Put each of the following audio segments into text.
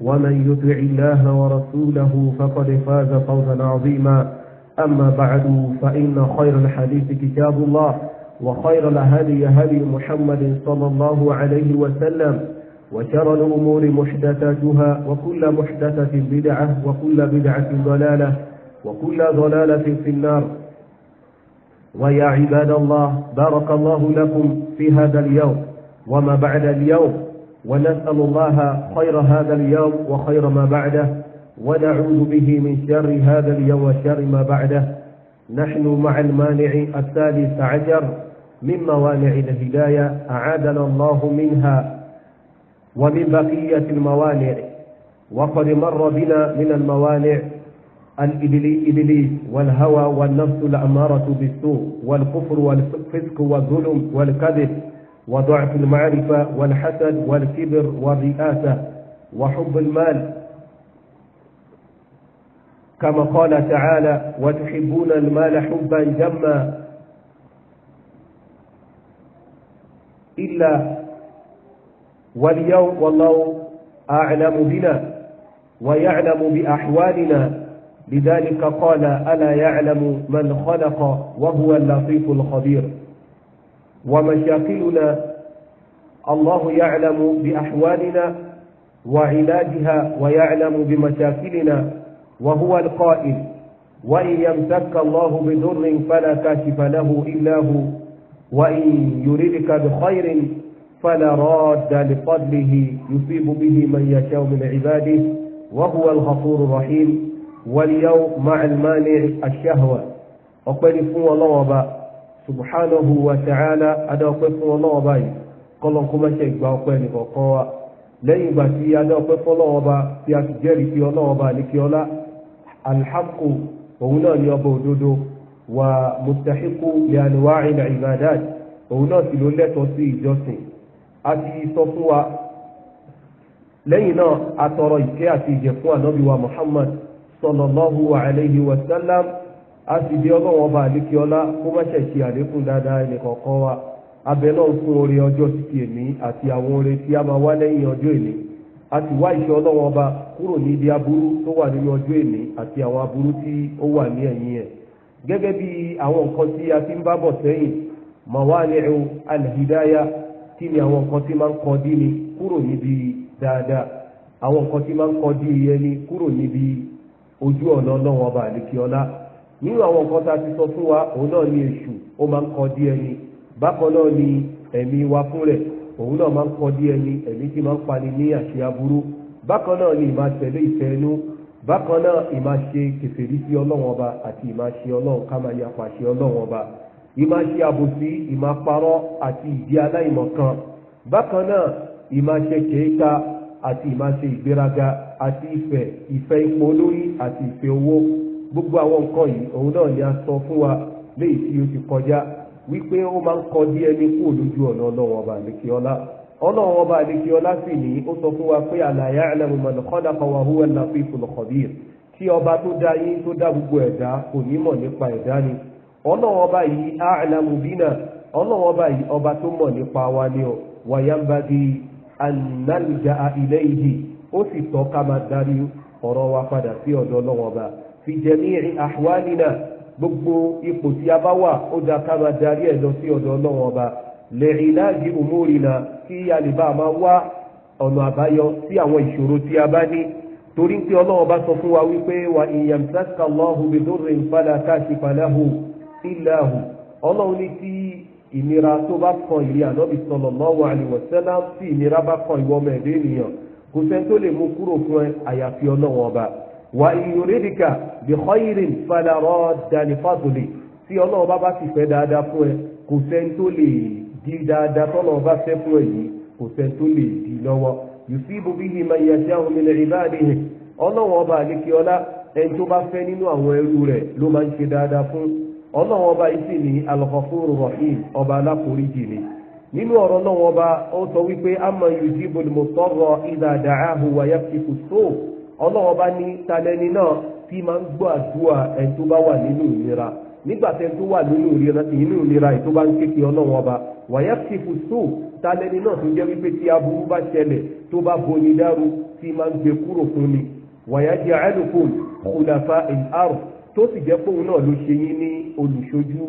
ومن يطع الله ورسوله فقد فاز فوزا عظيما أما بعد فإن خير الحديث كتاب الله وخير الهدي هدي محمد صلى الله عليه وسلم وشر الأمور محدثاتها وكل محدثة بدعة وكل بدعة ضلالة وكل ضلالة في النار ويا عباد الله بارك الله لكم في هذا اليوم وما بعد اليوم ونسأل الله خير هذا اليوم وخير ما بعده ونعوذ به من شر هذا اليوم وشر ما بعده نحن مع المانع الثالث عشر من موانع الهداية أعادنا الله منها ومن بقية الموانع وقد مر بنا من الموانع الإبليس والهوى والنفس الأمارة بالسوء والكفر والفسق والظلم والكذب وضعف المعرفة والحسد والكبر والرئاسة وحب المال كما قال تعالى وتحبون المال حبا جما إلا واليوم والله أعلم بنا ويعلم بأحوالنا لذلك قال ألا يعلم من خلق وهو اللطيف الخبير ومشاكلنا الله يعلم بأحوالنا وعلاجها ويعلم بمشاكلنا وهو القائل وإن يمسك الله بضر فلا كاشف له إلا هو وإن يردك بخير فلا راد لفضله يصيب به من يشاء من عباده وهو الغفور الرحيم واليوم مع المانع الشهوة وقل فهو الله subhanahu wa ta'ala adáwọ̀pẹ́ fún ọlọ́wọ́ báyìí kọ́lọ́n kó mẹ́ṣẹ̀ ìgbà ọpẹ́ nìkọ̀ọ̀kan wa lẹ́yìn ìgbà tí adáwọ̀pẹ́ fún ọlọ́wọ́ bá tí a sì jẹ́rìí kí ọlọ́wọ́ bá ní kí ọlá alhaqu òun náà ni ọba òdodo wa mustahiqu li anwa'il ibadat òun náà sì ló lẹ́tọ̀ọ́ sí ìjọsìn a ti sọ fún wa lẹ́yìn náà a tọrọ ìkẹ́ àti ìjẹ̀ fún ànábì wa muhammad wa sallam a sì bí ọlọ́wọ́n ọba àdékè ọlá kó má ṣe ṣe àlékún dáadáa ẹnìkọ̀ọ̀kan wa abẹ náà fún oore ọjọ́ títí èmi àti àwọn oore tí a máa wá lẹ́yìn ọjọ́ èmi a sì wá ìṣọ́ ọlọ́wọ́n ọba kúrò ní ibi aburú tó wà nínú ọjọ́ èmi àti àwọn aburú tí ó wà ní ẹ̀yìn ẹ̀ gẹ́gẹ́ bí àwọn nǹkan tí a ti ń bábọ̀ sẹ́yìn mawani'u alhidaya kí ni àwọn nǹkan tí máa ń kọ́ dí ni kúrò níbi dáadáa àwọn nínú àwọn nǹkan tá a ti sọ fún wa òun náà ni èṣù ó máa ń kọ dí ẹni bákan náà ni ẹ̀mí wa fún rẹ̀ òun náà máa ń kọ dí ẹni ẹ̀mí tí máa ń pani ní àṣẹ aburú bákan náà ni ìmáa tẹ̀lé ìfẹ́ inú bákan náà ìmáa ṣe kèfèrí sí ọlọ́run ọba àti ìmáa ṣe ọlọ́run ká máa yapa ṣe ọlọ́run ọba ìmáa ṣe àbòsí ìmáa parọ́ àti ìdí aláìmọ̀kan bákan náà ìmáa ṣe kèéka àti ìmáa ṣe ìgbéraga àti ìfẹ́ ìfẹ́ ipò olórí àti ìfẹ́ owó gbogbo àwọn nǹkan yìí òun náà ni sọ fún wa léyìí tí o ti kọjá wípé ó máa ń kọ díẹ̀ ní kú lójú ọ̀nà ọlọ́wọ́n ọba àdékíọ́lá ọlọ́wọ́n ọba àdékíọ́lá sì ní ó sọ fún wa pé ala ya'lamu man khalaqa wa ọba tó dá yín tó dá gbogbo ẹ̀dá kò ní mọ̀ ni ọlọ́wọ́n ọba yìí ọba fi jẹ̀mí àhwálínà gbogbo ipò tí a bá wà ó da ká máa darí ẹ̀ lọ sí ọ̀dọ̀ ọlọ́run ọba lẹ́yìn láàgì òmórìnà kí a lè bá a máa wá ọ̀nà àbáyọ sí àwọn ìṣòro tí a bá ní torí wa wípé wà ìyàmsáka lọ́hùn bìdúrin fàlà káàsì fàlàhù ìlàhù ọlọ́run ní tí ìnira tó bá kan ìrí ànábì tí ìnira bá kan ìwọ́mọ̀ ẹ̀dẹ́ ènìyàn kò sẹ́ni tó lè mú wa in yuridika bi khairin fala tí ọlọ́run bá bá sì fẹ́ dáadáa fún ẹ kò sẹ́ni tó di dáadáa bá fẹ́ fún ẹ yìí kò sẹ́ni tó lè di lọ́wọ́ yusibu bihi man yasha'u min ibadihi ọlọ́run ọba ẹni tó bá fẹ́ nínú àwọn ẹrú ló máa ń ṣe dáadáa fún yìí sì ní ọba ni nínú ọ̀rọ̀ ọba ó sọ wípé ọlọ́wọ́n bá ní talẹ́ni náà tí máa ń gbọ́ àdúrà ẹ̀ tó bá wà nínú ìnira nígbà tẹ́ tó wà nínú ìnira inú ìnira ẹ̀ tó bá ń kéke ọlọ́wọ́n ọba wàyà fífù tó talẹ́ni náà tó jẹ́ wípé tí aburú bá ṣẹlẹ̀ tó bá boni dárú tí máa ń gbé kúrò fún ni wàyà jẹ́ àlùkùn kùlàfà ìlárù tó sì jẹ́ póun náà ló ṣe yín ní olùṣojú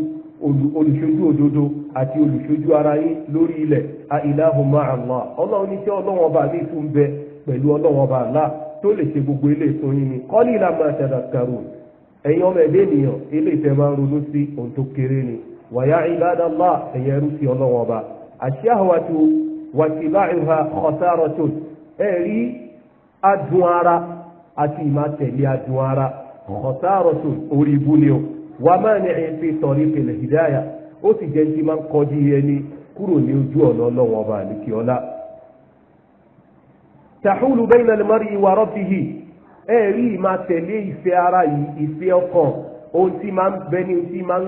olùṣojú òdodo àti olùṣojú ara yín lórí ilẹ̀ àìláhùn máa Allah ọlọ́run ní tí ọlọ́wọ́n ọba mi tún bẹ pẹ̀lú ọlọ́wọ́n ọba Allah tó lè ṣe gbogbo ilé ìfún yín ni kọ́lí ìlà máa tadhakkarun ẹ̀yin ọmọ ẹ̀dẹ́ ènìyàn ilé ìfẹ́ máa ń ronú sí ohun tó kéré ni wàyà ibadallah ẹ̀yẹ ẹrú sí ọlọ́wọ́n ọba àṣìáhùwàtú wàtìbáìhà khasaratu ẹ̀rí adùn ara àti ìmátẹ̀lé adùn ara khasaratu orí ibú ni o wà máa ní ẹ̀yìn fi tariqil hidayah ó sì jẹ́ ti máa ń kọjú ẹni kúrò ní ojú ọ̀nà ọlọ́wọ́n ọba tàhúlù bẹ́ẹ̀ náà lè mọ́rí ìwà rọ́bìhì ẹ rí ìmá tẹ̀lé ìfẹ́ ara yìí ìfẹ́ ọkàn ohun tí máa ń bẹ ní ohun tí máa ń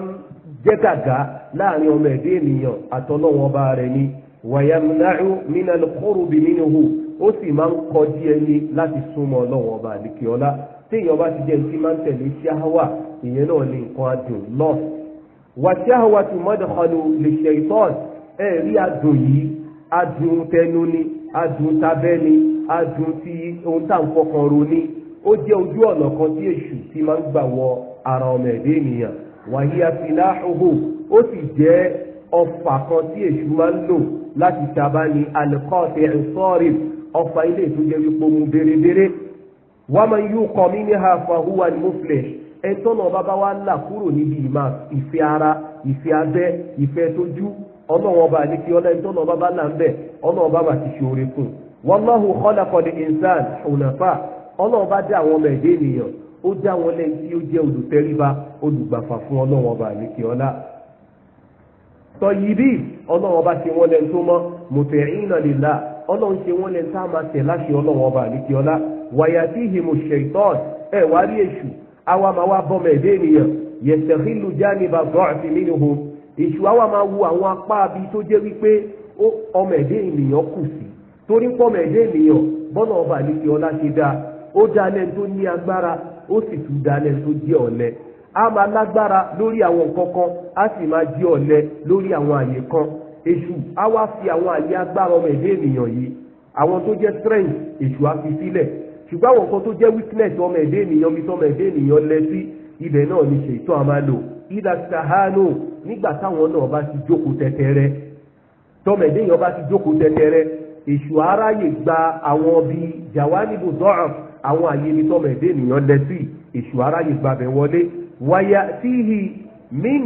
jẹ́ gàgà láàrin ọmọ ẹ̀dẹ́ ènìyàn àtọ́lọ́wọ́n bá rẹ̀ ni wàyàmùnáhù mínà lùkọ́rùbì nínú hù ó sì máa ń kọ díẹ̀ ní láti súnmọ́ ọlọ́wọ́n bá ní kíọ́lá téèyàn bá ti jẹ́ ní tí máa ń tẹ̀lé ṣáhàwà adùn ti ohun tá à ń fọkàn ronú ó jẹ́ ojú ọ̀nà kan tí èṣù ti máa ń gbà ara ọmọ ẹ̀dẹ́ ènìyàn wàhí afiláhùhù ó sì jẹ́ ọfà kan tí èṣù máa ń lò láti taba alikọ́ọ̀tì ẹ̀ńsọ́ọ̀rì ọfà ilé tó jẹ́ wípé mu bérebére wà máa ha bàbá wa là kúrò níbi ìmọ̀ ara ìfẹ́ abẹ́ ìfẹ́ tójú ọba ọlá bàbá là ń wallahu khalaqal insan hunafa ọlọ́run bá dá àwọn ọmọ ẹ̀dẹ́ ènìyàn ó dá wọn lẹ́yìn tí ó jẹ́ olùtẹ́ríba olùgbàfà fún ọlọ́run ọba àlékè ọlá ọba ṣe wọ́n tó mọ́ ọlọ́run ṣe wọ́n tá a máa tẹ̀ láṣẹ ọba ọlá ẹ̀ wá rí èṣù àwa máa wá ọmọ ẹ̀dẹ́ torí pọ́mọ ẹ̀dẹ́ ènìyàn bọ́nà ọba àlejò ọlá ṣe dáa ó dáa lẹ́nu tó ní agbára ó sì tún dáa lẹ́nu tó jẹ́ ọ̀lẹ a máa lágbára lórí àwọn nǹkan kan a sì máa jí ọ̀lẹ lórí àwọn àyè kan èṣù á wá fi àwọn àyè agbára ọmọ ẹ̀dẹ́ ènìyàn yìí àwọn tó jẹ́ strength èṣù á fi sílẹ̀ ṣùgbọ́n àwọn nǹkan tó jẹ́ weakness ọmọ ẹ̀dẹ́ ènìyàn mi tọ́mọ ẹ̀dẹ́ ènìyàn lẹ sí ibẹ̀ náà ni ṣètò àmàlò ìdá sahánù nígbà táwọn náà bá ti jókòó tẹ́tẹ́rẹ́ tọ́mọ ẹ̀dẹ́ ènìyàn bá ti jókòó tẹ́tẹ́rẹ́ èṣù aráyè gba àwọn ọbí jàwánìbò dọ́ọ̀f àwọn àyè ibi tọ́mọ̀ ẹ̀dẹ́ ènìyàn lẹ sí èṣù aráyè gba bẹ̀ wọlé wáyà tíhì min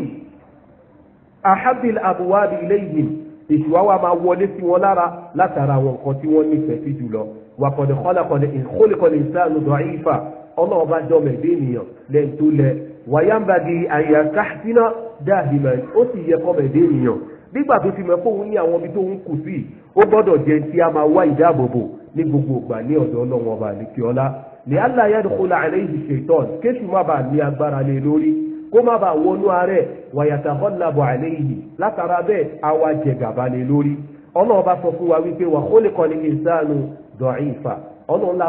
ahabil abuwabi ilayhim èṣù wa máa wọlé sí wọn lára látara àwọn nǹkan tí wọ́n nífẹ̀ẹ́ sí jùlọ wàkọ̀dẹ̀ kọ́lákọ̀dẹ̀ ìkólẹ̀kọ̀lẹ̀ ìsáàlù dọ̀ọ́ìfà ọlọ́run bá dọ́mọ̀ ẹ̀dẹ́ ènìyàn lẹ́yìn tó lẹ wàyàmbàdì àyàkáṣínà dáhìmẹ̀ ó sì yẹ kọ́mọ̀ nígbà tó ti mọ̀ pé òun ní àwọn ibi tó ń kù sí ó gbọ́dọ̀ jẹ́ tí a máa wá ìdáàbòbò ní gbogbo ìgbà ní ọ̀dọ̀ ọlọ́run ọba àlekíọ́lá ní aláyàdùkúlà àlẹ́yìn ṣètọ́n kéṣù má bàa ní agbára lé lórí kó má bàa wọnú ààrẹ wàyàtàkọ́làbọ̀ àlẹ́yìn látara bẹ́ẹ̀ àwa jẹ̀gàba lé lórí ọlọ́run bá sọ fún wa wípé wà kólíkọ́ni ìsánú dọ̀ìfà ọlọ́run lá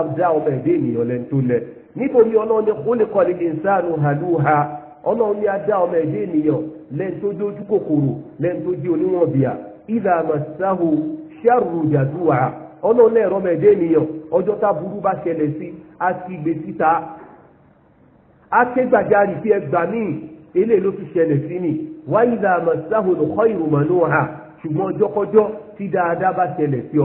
ọlọ́run ní adá ọmọ ẹ̀dẹ́ ènìyàn lẹ́ni tó dójú kòkòrò lẹ́ni tó jẹ́ oníwọ̀n bìà ìlà àmàṣáhù ṣàrù jàdùwà ọlọ́run lẹ́rọ ọmọ ẹ̀dẹ́ ènìyàn ọjọ́ tá burú bá ṣẹlẹ̀ sí a ti gbé síta a ké gbàjarì sí ẹgbà míì eléyìí ló ti ṣẹlẹ̀ sí mi wá ìlà àmàṣáhù lọ́kọ́ ìrùmọ̀nù hà ṣùgbọ́n ọjọ́kọ́jọ́ tí dáadáa bá ṣẹlẹ̀ sí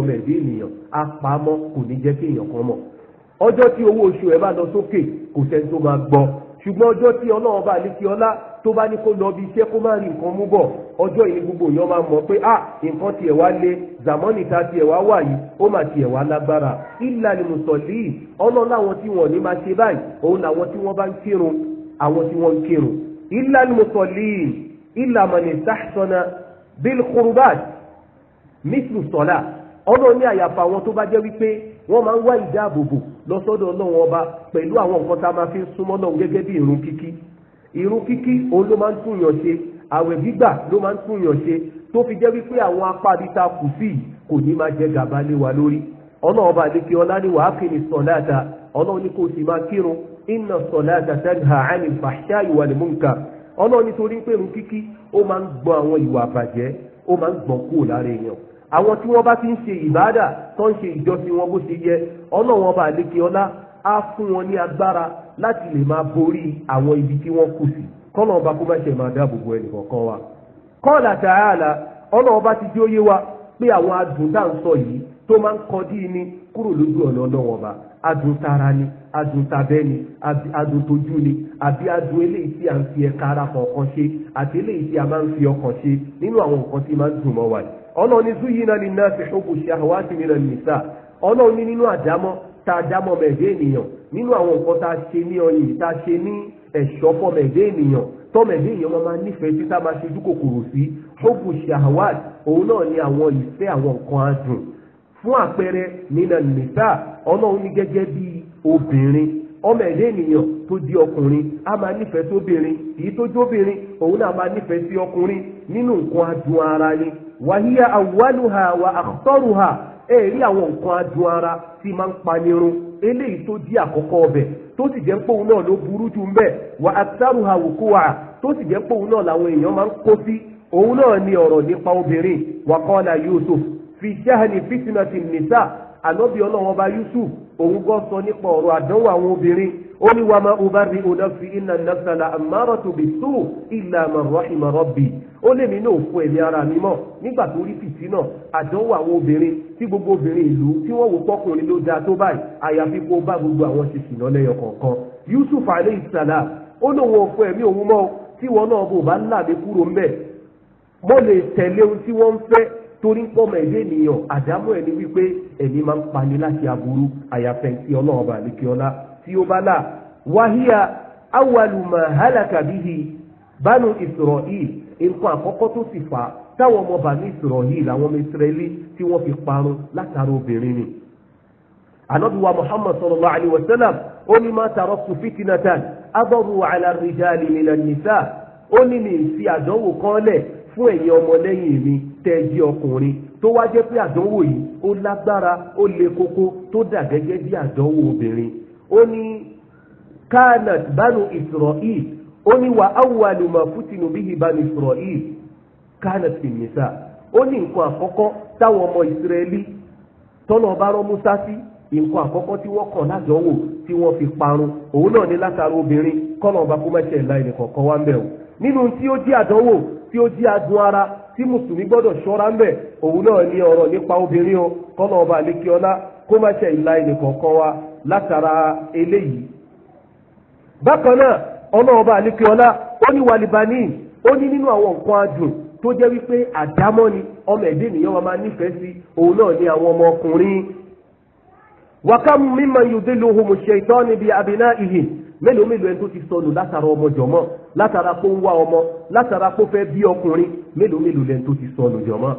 ọmọ ẹ̀ ṣùgbọ́n ọjọ́ tí ọlọ́run bá lè fi ọlá tó bá ní kó lọ bí iṣẹ́ kó má rí nǹkan mú bọ̀ ọjọ́ yìí gbogbo èèyàn máa mọ̀ pé à nǹkan tiẹ̀ wá lé zamani ta tiẹ̀ wá wà yìí ó mà tiẹ̀ wá lágbára ìlà ni mùsọ̀lì ọlọ́run àwọn tí wọ́n ní máa ṣe báyìí òun làwọn tí wọ́n bá ń kírun àwọn tí wọ́n ń wọ́n máa ń wá ìdáàbòbò lọ́sọ́dọ̀ ọlọ́run ọba pẹ̀lú àwọn nǹkan tá a máa fi súnmọ́ lọ́run gẹ́gẹ́ bí ìrun kíkí ìrun kíkí òun ló máa ń túyàn ṣe àwẹ̀ gbígbà ló máa ń túyàn fi jẹ́ wípé àwọn apá abita kù sí kò ní máa jẹ gàba lé wa lórí ọlọ́run ọba àdékè ọlá ní wàá kì ní ọlọ́run kò sì máa kírun iná àwọn tí wọ́n bá ti ń ṣe ìbáàdà tó ń ṣe ìjọsìn wọn bó ṣe yẹ ọlọ́wọ́n bá lékè ọlá á fún wọn ní agbára láti lè máa borí àwọn ibi tí wọ́n kù sí kọ́nà ọba kó má ṣe máa dáàbò bo ẹnì kọ̀ọ̀kan wa kọ́ọ̀lá tààlà ọlọ́wọ́n bá ti dé óyé wa pé àwọn adùn dá ń sọ yìí tó máa ń kọdí ni kúrò lójú ọ̀nà ọlọ́wọ́n ọba adùn tara ni adùn tabẹ́ ni adùn tójú ni àbí adùn eléyìí tí a ń fi ẹ̀ka ara kọ̀ọ̀kan ṣe àti eléyìí tí a máa ń fi ọkàn ṣe nínú àwọn nǹkan tí máa ń dùn mọ́ wa ọlọ́run ní zuyina lè ná fi ṣokò ṣe àwáṣe mi lẹ́nu nìta ọlọ́run ní nínú àdámọ́ tá a dámọ́ mẹ̀dé ènìyàn nínú àwọn nǹkan tá a ṣe ní ọyìn tá a ṣe ní ẹ̀ṣọ́ fọ́ mẹ̀dé ènìyàn tọ́mẹ̀dé èèyàn máa máa nífẹ̀ẹ́ tí tá a máa ṣe dúkòkòrò sí ṣokò ṣe àwáṣe òun náà ní àwọn ìfẹ́ àwọn nǹkan adùn fún àpẹẹrẹ nínà nìta ọlọ́run ní gẹ́gẹ́ bí obìnrin ọmọ ẹ̀dẹ́ ènìyàn tó di ọkùnrin a máa nífẹ̀ẹ́ sóbìnrin èyí tó jóbìnrin òun náà máa nífẹ̀ẹ́ sí ọkùnrin nínú nǹkan adùn ara ni wàhíyà àwálùhà wà àkọ́rùhà ẹ rí àwọn nǹkan adùn ara tí máa ń panirun eléyìí tó di àkọ́kọ́ ọbẹ̀ tó sì jẹ́ pé òun náà ló burú jù ń bẹ̀ wà àtàrùhà òkú wà tó sì jẹ́ pé òun náà làwọn èèyàn máa ń kó sí òun náà ni ọ̀rọ̀ nípa obìnrin wà kọ́lá Yusuf fi jáhani fitinati nisa ànábì ọlọ́run ọba yusuf òun gan sọ nípa ọ̀rọ̀ àdánwò àwọn obìnrin ó ní wàá máa uba rí ọ̀nà fi iná nàfàlà àmárọ̀tò bí tó ìlà àmàrọ̀ ìmọ̀rọ̀ bì ó lè mí náà fún ẹ̀mí ara mi mọ̀ nígbà tó rí fìtínà àdánwò àwọn obìnrin tí gbogbo obìnrin ìlú tí wọ́n wò pọ́kùnrin ló dáa tó báyìí àyàfi kó bá gbogbo àwọn ṣe ṣìnà lẹ́yọ kọ̀ọ̀kan yusuf alayhi salam ó lóun ò fún òun mọ́ tí wọn náà bò bá ń làdé kúrò ńbẹ̀ mo lè tẹ̀lé ohun tí wọ́n ń fẹ́ torí ń pọ́mọ ẹ̀dẹ́ ènìyàn àdámọ́ ẹni wípé ẹ̀mí máa ń pani láti aburú àyàfẹ́ tí ọlọ́run bá lè kí ọlá tí ó bá là wáhíà awàlùmọ̀ hálàkàbíhi bánú Israel nǹkan àkọ́kọ́ tó sì fà á táwọn ọmọ bàbá Israel làwọn ọmọ Israeli tí wọ́n fi parun látara obìnrin ni. ànábìwá Muhammad sallallahu alayhi wa sallam ó ní má taraktu fitnatan adarru ala rijali minan nisa ó ní ní ìfi àdánwò kan lẹ̀ fún ẹ̀yin ọmọlẹ́yìn mi tẹ́ jí ọkùnrin tó wá jẹ́ pé àdánwò yìí ó lágbára ó le koko tó dà gẹ́gẹ́ bí àdánwò obìnrin ó ní kanat banu israel ó ní wà awwalu ma futinu banu israel kanat finisa ó ní nǹkan àkọ́kọ́ táwọn ọmọ ìsírẹ́lì tọ́nà ọba rọ́ musa sí nǹkan àkọ́kọ́ tí wọ́n kàn ládánwò tí wọ́n fi parun òun náà ní látara obìnrin kọ́nà ọba kó mẹ́sẹ̀ ńlá ẹnì kọ̀ọ̀kan wá ń bẹ̀ o nínú tí ó jẹ́ àdánwò tí ó jẹ́ adùn ara tí mùsùlùmí gbọ́dọ̀ ṣọ́ra ń òun náà ní ọ̀rọ̀ nípa obìnrin o kọ́nà ọba ọlá kó má ṣe ìlà ẹnìkọ̀ọ̀kan wa látara eléyìí. bákan náà ọ̀nà ọba àlékiọlá ó ní wàlìbánì ó ní nínú àwọn nǹkan adùn tó jẹ́ wípé ọmọ ẹ̀dẹ́ ènìyàn wa máa nífẹ̀ẹ́ sí òun náà ní àwọn ọmọ ọkùnrin. wàkàmù mímọ mélòó mélòó ẹni tó ti sọnù látara ọmọ jọmọ látara kó ń wá ọmọ látara kó fẹ́ bí ọkùnrin mélòó mélòó lẹni tó ti sọnù jọmọ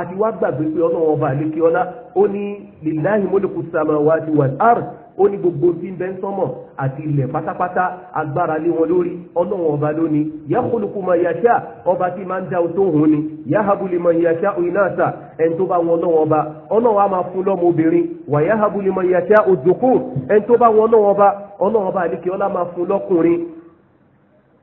àti wá gbàgbé pé ọlọ́run ọba àlékè ọlá ó ní lillahi mulku samawati wal ard ó ní gbogbo tí ń bẹ ń sánmọ̀ àti ilẹ̀ pátápátá agbára lé wọn lórí ọlọ́run ọba lónìí yakhluqu ma yasha ọba tí máa ń dá o tó hùn ni yahabu liman yasha inasa ẹni tó bá wọn ọlọ́run ọba ọlọ́run á máa fún lọ́mọ obìnrin wa yahabu liman yasha dhukur ẹni tó bá wọn ọlọ́run ọba ọlọ́run ọba àlékè ọlá máa fún lọ́kùnrin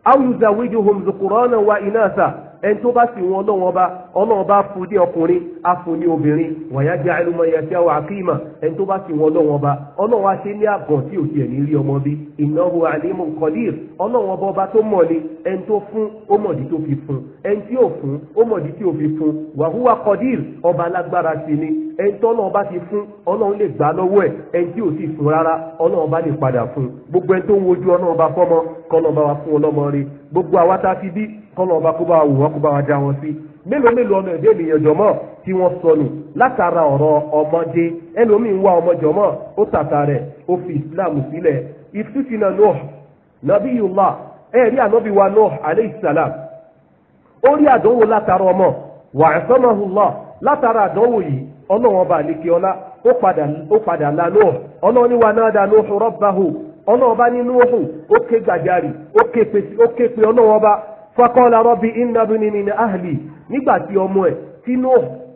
aw yuzawijuhum dhukurana wa inasa ẹni tó bá sì wọn ọlọ́wọ́n bá ọlọ́wọ́n bá fún ní ọkùnrin á fún ní obìnrin wàyá jẹ́ àìlùmọ̀ ẹ̀yà tí a wà kí mà ẹni tó bá sì wọn ọlọ́wọ́n bá ọlọ́wọ́n á ṣe ní àgàn tí ò tiẹ̀ ní rí ọmọ bí ìnáwó àlímù kọ́dír ọlọ́wọ́n bá ọba tó mọ̀ ni ẹni tó fún ó mọ̀dí tó fi fún ẹni tí ò fún ó mọ̀dí tí ò fi fún wàhúwà kọ́dír ọba alágbára sí ni ẹni tó ọlọ́wọ́n bá ti fún ọlọ́wọ́n lè gbà lọ́wọ́ ẹ̀ ẹni tí ò sì fún rárá ọlọ́wọ́n bá lè padà fún gbogbo ẹni tó ń wojú ọlọ́wọ́n bá fọ́mọ kọ́ ọlọ́wọ́n bá wa fún ọlọ́mọ rí gbogbo àwa tá a fi bí kọ́lọ̀ ọba kó bá wù wọ́n kó bá wa já wọn sí mélòó mélòó ọmọ ẹ̀dẹ́ ènìyàn jọmọ́ tí wọ́n sọnù látara ọ̀rọ̀ ọmọdé ẹlòmíín wá ọmọ jọmọ́ ó tàta rẹ̀ ó fi islam sílẹ̀ ìfúsínà Nuh nabiyullah ẹ̀rí ànábì wa Nuh alayhi salam ó rí àdánwò látara ọmọ wa'asamahu látara àdánwò yìí ọlọ́wọ́n ọba àlekè ọlá ó padà la Nuh ọlọ́wọ́n ní wa nada Nuh rabbahu ọlọ́wọ́n ọba ní Nuh ó ké gbàjarì ó ké pe ọlọ́wọ́n ọba fakọ́lá rọ́bì ìnàbìnrin ní ahli nígbà tí ọmọ ẹ̀ tínú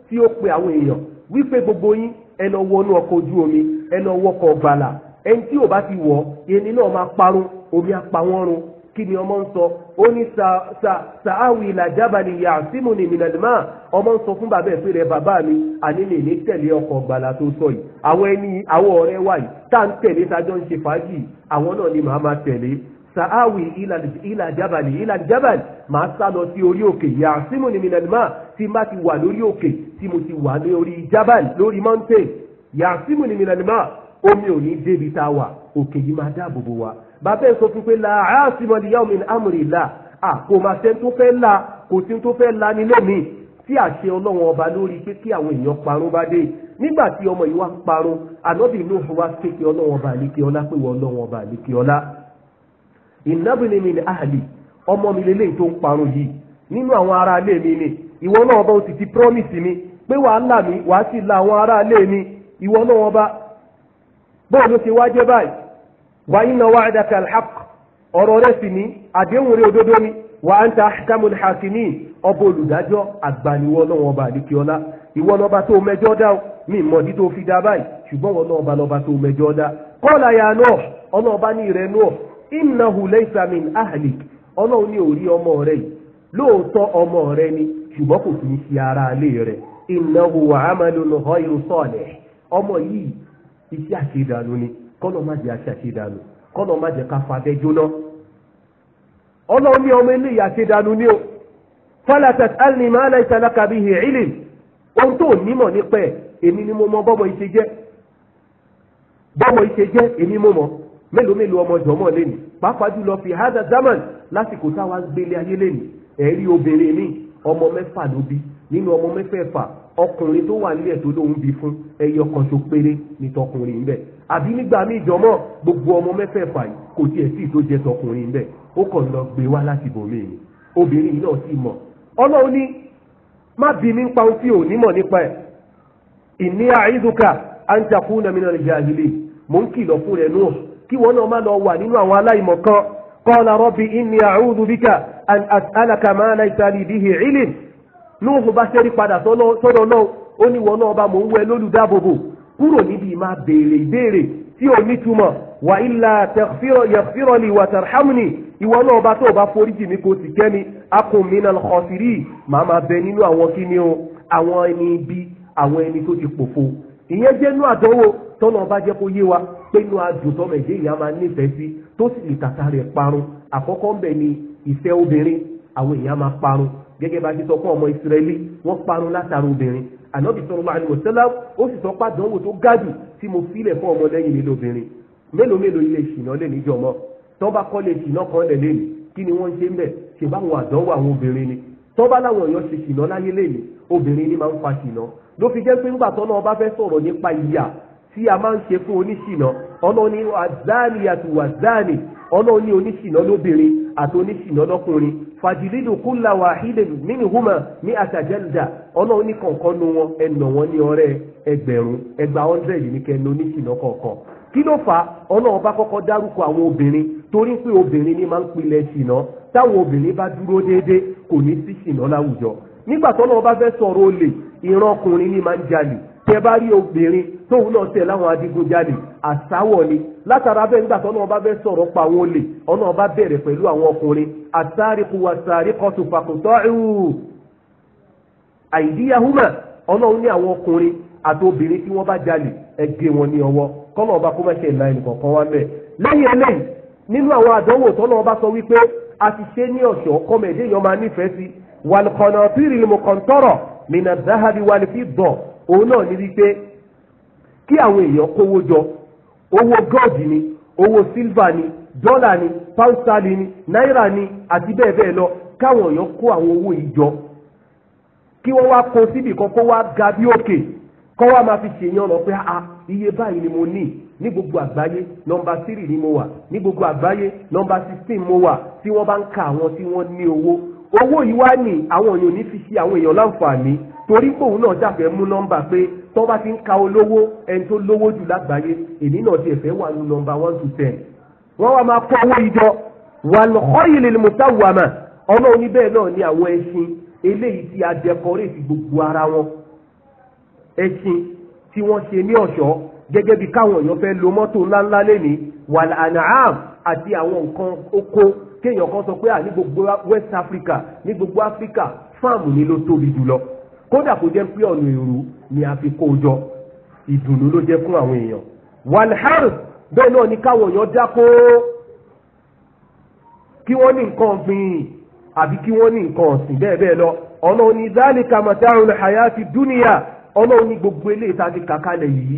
tí ó pe àwọn èèyàn wípé gbogbo yín ẹ lọ wọnú ọkọ̀ ojú omi ẹ lọ wọkọ̀ ọ̀gbàlà ẹni tí ò bá ti wọ̀ ẹni náà máa parun omi apawọ́run kí ni ọmọ ń sọ ó ní sàáwì làjábàlì yàtìmù ní mìnàlímà ọmọ ń sọ fún bàbá ẹ pé rẹ bàbá mi àní lè ní tẹ̀lé ọkọ̀ gbàlà tó sọ yìí àwọn ẹni àwọn ọ̀rẹ́ wa yìí tá à ń tẹ̀lé tájọ́ ń ṣe fàájì àwọn náà ni màá máa tẹ̀lé sàáwì ilà jábàlì ilà jábàlì màá sá lọ sí orí òkè yà símù ní minalima tí má ti wà lórí òkè tí mo ti wà lórí jábàlì lórí mountain yà símù ní minalima omi ò ní débi tá a wà òkè yìí máa dáàbò bò wa. bàbá ẹ̀ sọ fún pé la àásìmọ̀ ni yawmin amri la à kò máa ṣe tó fẹ́ la kò sí tó fẹ́ la nílé mi tí àṣẹ ọlọ́wọ́n ọba lórí pé kí àwọn èèyàn parun bá dé nígbà tí ọmọ yìí wá parun ànábì inú wa ṣe kí ọlọ́wọ́n ọba àlékè ọlá pé wọ́n ọlọ́wọ́n ọba àlékè ọlá ìnábìlì mi ni ahàlì ọmọ mi lélẹ́yìn tó ń parun yìí nínú àwọn ará ilé mi ni ìwọ náà ti promise mi pé wàá là mí wàá sì la àwọn ará ilé mi ìwọ náà ọba bọ́ọ̀ ló ti wá jẹ́ báyìí wàyí náà wà dàkà alhaq ọ̀rọ̀ rẹ̀ sì ní àdéhùn rẹ̀ òdodo ni ń ta ahkamul hakimin ọba olùdájọ́ ni ọba àdìkíọ́lá ìwọ náà ọba tó dá mi mọ̀ ní innahu laysa min ahlik ọlọ́run ní orí ọmọ rẹ yìí lóòótọ́ ọmọ rẹ ni ṣùgbọ́n kò fi ń ṣe ara alẹ́ rẹ innahu amalun ghayru salih ọmọ yìí iṣẹ́ ni kọ́nà má jẹ́ kọ́nà má jẹ́ ká jóná ọlọ́run ní ọmọ eléyìí ni o fala tas'alni ma laysa laka bihi ilm ohun tó nímọ̀ nípa ẹ̀ èmi ni mo mọ bọ́mọ ìṣe mélòó mélòó ọmọ jọmọ lẹni pàápàá jùlọ fi hada zaman lásìkò táwa gbélé ayé lẹni ẹ̀rí obìnrin mi ọmọ mẹ́fà ló bí nínú ọmọ mẹ́fẹ̀ẹ̀fà ọkùnrin tó wà nílẹ̀ tó lóun bí fún ẹyọ kan tó péré ní tọkùnrin ń bẹ àbí nígbà míì jọmọ gbogbo ọmọ mẹ́fẹ̀ẹ̀fà yìí kò tiẹ̀ sí tó jẹ tọkùnrin ń bẹ ó kàn lọ gbé wá láti bòmíì ni obìnrin náà sì mọ̀ Ọlọ́run ní má bí mi ń pa ohun tí ò ní mọ̀ nípa ẹ̀ ìní àìzùkà àǹtakùn nàmínà ìjà ìlè mò ń kìlọ̀ fún rẹ̀ náà kí wọn náà má lọ wà nínú àwọn aláìmọ̀kan qala rabbi inni a'udhu bika an as'alaka ma laysa li bihi ilm Nuhu bá ṣẹ́rí padà sọ́dọ̀ náà ó ní wọn náà bá mò ń wẹ lólùdáàbòbò kúrò níbi máa béèrè ìbéèrè tí ò ní túmọ̀ wa illa yaghfirli wa tarhamni ìwọ náà bá tó o bá foríjì mi kò sì kẹ́mi akun minal khasirin màá máa bẹ nínú àwọn kíni o àwọn ẹni ibi àwọn ẹni tó ti pòfo ìyẹn jẹ́ inú àdánwò tọ́nà bá jẹ́ kó yé wa pé inú adùn tọ́mọ èdè ìyá máa nífẹ̀ẹ́ sí tó sì lè tàtà rẹ̀ parun àkọ́kọ́ ń bẹ̀ ni ìfẹ́ obìnrin àwọn èèyàn máa parun gẹ́gẹ́ bá ti sọ fún ọmọ ìsírẹ́lì wọ́n parun látara obìnrin ànábì sallallahu alaihi wasallam ó sì sọ pàdánwò tó gájù tí mo filẹ̀ fún ọmọ lẹ́yìn mi lóbìnrin mélòó mélòó ilé ìṣìnà lè níjọmọ́ tó bá kọ́ lè ṣìnà kan ló fi jẹ́ pé ńgbà tọ́nà ọba fẹ́ sọ̀rọ̀ nípa ìyà tí a máa ń ṣe fún oníṣìnà ọlọ́ni àzáàní àtùwà záàní ọlọ́ni oníṣìnà lóbìnrin àti oníṣìnà lọ́kùnrin fàjìlídù kúlà wà hídè nínú húmà ní àtàjẹ́lìdà ọlọ́ni kọ̀ọ̀kan nu wọn ẹnà wọn ní ọrẹ́ ẹgbẹ̀rún ẹgbà hundred ní kẹ́ni oníṣìnà kọ̀ọ̀kan kí ló fà á ọlọ́run kọ́kọ́ dárúkọ àwọn obìnrin torí pé obìnrin ni máa ń pilẹ̀ ṣìnà táwọn obìnrin bá dúró déédéé kò ní sí ṣìnà láwùjọ nígbà tó náà bá fẹ́ sọ̀rọ̀ olè ìran ọkùnrin ní máa ń jalè tẹ bá rí obìnrin tóun náà tẹ̀ láwọn àsáwọ̀ ni látara bẹ́ẹ̀ nígbà náà bá fẹ́ sọ̀rọ̀ pa àwọn olè ọ̀nà bá bẹ̀rẹ̀ pẹ̀lú àwọn ọkùnrin àsáríkù àsáríkọ́tù fàkùtọ́ ìhù àìdíyàhúmà ọlọ́run ní àwọn ọkùnrin àti wọn ní ọwọ́ kọ́nà ọba kó a wàlùkọ̀nàtìrì lùmùkọ̀ntọ́rọ̀ mìnà záhàbí wàlùfí dọ̀ òun náà ní wípé kí àwọn èèyàn kówó jọ owó gọ́ọ̀dì ni owó sílvà ni dọ́là ni pàùsálì ni náírà ni àti bẹ́ẹ̀ bẹ́ẹ̀ lọ káwọn èèyàn kó àwọn owó yìí jọ kí wọ́n wá kó síbì kan kó wá ga bí òkè kó wá máa fi ṣèyàn lọ pé a ah, iye báyìí ni mo ní ní gbogbo àgbáyé nọmba tírì ni mo wà ní gbogbo àgbáyé nọmba sixteen mo wà tí wọ́n bá ń ka àwọn tí wọ́n ní owó owó yìí wá ní àwọn èèyàn ní fi ṣe àwọn èèyàn láǹfààní torí pòun náà dàbẹ̀ mú nọ́mbà pé tó bá ti ń ka olówó ẹni tó lówó jù lágbàáyé èmi náà ti ẹ̀fẹ́ wà ní nọ́mbà one to ten wọ́n wá máa kọ́ owó ìjọ wà lọ́kọ́ yìí lè mú táwàmà ọlọ́run níbẹ̀ náà ní àwọn ẹṣin eléyìí tí a dẹkọréètì gbogbo ara wọn ẹṣin tí wọ́n ṣe ní ọ̀ṣọ́ gẹ́gẹ́ bí káwọn èèyàn fẹ́ lo mọ́tò ńláńlá lẹ́ni wàlànà kéèyàn kan sọ pé à ní gbogbo West Africa ní gbogbo Africa fáàmù ni ló tóbi jùlọ kódà kó jẹ́ pé ọ̀nà èrú ni a fi kó jọ ìdùnnú ló jẹ́ fún àwọn èèyàn walhar bẹ́ẹ̀ náà ni káwọn èèyàn dákó kí wọ́n ní nǹkan ọ̀gbìn àbí kí wọ́n ní nǹkan ọ̀sìn bẹ́ẹ̀ bẹ́ẹ̀ lọ ọ̀nà òní zálìkà màtàrún àyà ti dúníyà ọ̀nà òní gbogbo eléyìí tá a ti kàkálẹ̀ yìí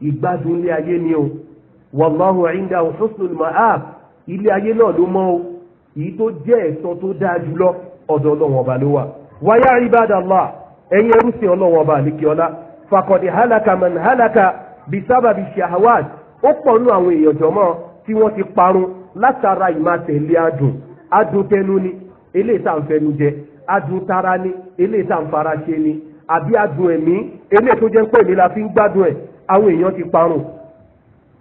ìgbádùn ilé ayé ni o wàlláhu indahu husnul ma'ab ilé ayé náà ló mọ́ o èyí tó jẹ́ ẹ̀san tó dáa jùlọ ọ̀dọ̀ ọlọ́wọ́n ọba ló wà. wáyà ibadallah ẹ̀yin ẹrúsìn ọlọ́wọ́n ọba àlekíọ́lá fàkọ̀dé halaka man halaka bisababi shahawat ó pọ̀ nù àwọn èèyàn jọ̀mọ́ tí wọ́n ti parun látara ìmàtẹ̀lé adùn adùn tẹnu ni eléyìí tá à ń fẹnu jẹ adùn tara ni eléyìí tá à ń fara ṣe ni àbí adùn ẹ̀mí eléyìí tó jẹ́ pé èmi la fi ń gbádùn ẹ̀ àwọn èèyàn ti parun.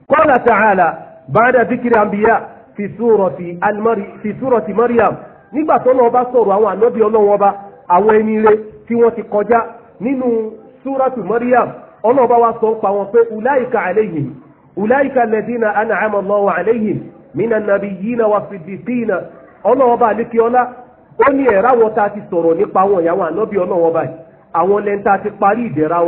qala ta'ala ba'da dhikri anbiya fi súrọ̀tì alimari fi súrọ̀tì mariam nígbà tó lọ́ọ́ bá sọ̀rọ̀ àwọn ànábì ọlọ́wọ́n bá àwọn ẹni rẹ tí wọ́n ti kọjá nínú súrọ̀tì mariam ọlọ́ọ̀bá wa sọ pa wọn pé ulaika alayhim ulaika alladhina an'ama Allahu alayhim minan wa siddiqina ọlọ́ọ̀bá alekiola ó ní ẹ̀rá wọn tá ti sọ̀rọ̀ nípa wọn ìyàwó ànábì ọlọ́wọ́n àwọn ti parí ìdẹ̀ra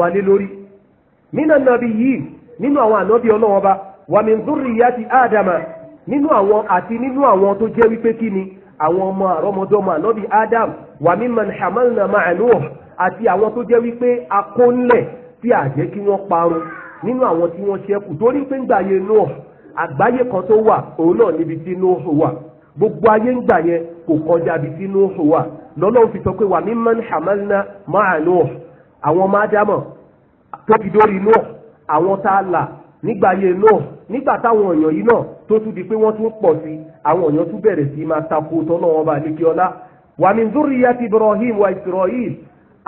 nínú àwọn àti nínú àwọn tó jẹ́ wípé kí ni àwọn ọmọ àrọ́mọdọ́mọ ànábì Adam wà mímọ̀ hamalna ma'anuh àti àwọn tó jẹ́ wípé akónlẹ̀ tí a jẹ́ kí wọ́n parun nínú àwọn tí wọ́n ṣẹ́kù torí pé ń gbàyè Nuh àgbáyé kan tó wà òun náà níbi tí Nuh wà gbogbo ayé ń gbà yẹn kò kọjá ibi tí Nuh wà lọ́lọ́run fi sọ pé wà mímọ̀ hamalna ma'anuh àwọn ọmọ ádámọ̀ tó fi dórí Nuh àwọn tá a là nígbàyè Nuh nígbà táwọn èèyàn yìí náà tó tún di pé wọ́n tún pọ̀ sí àwọn èèyàn tún bẹ̀rẹ̀ sí máa takò tọ́nà wọn bá lékè ọlá wa min zurriyati ibrahim wa israel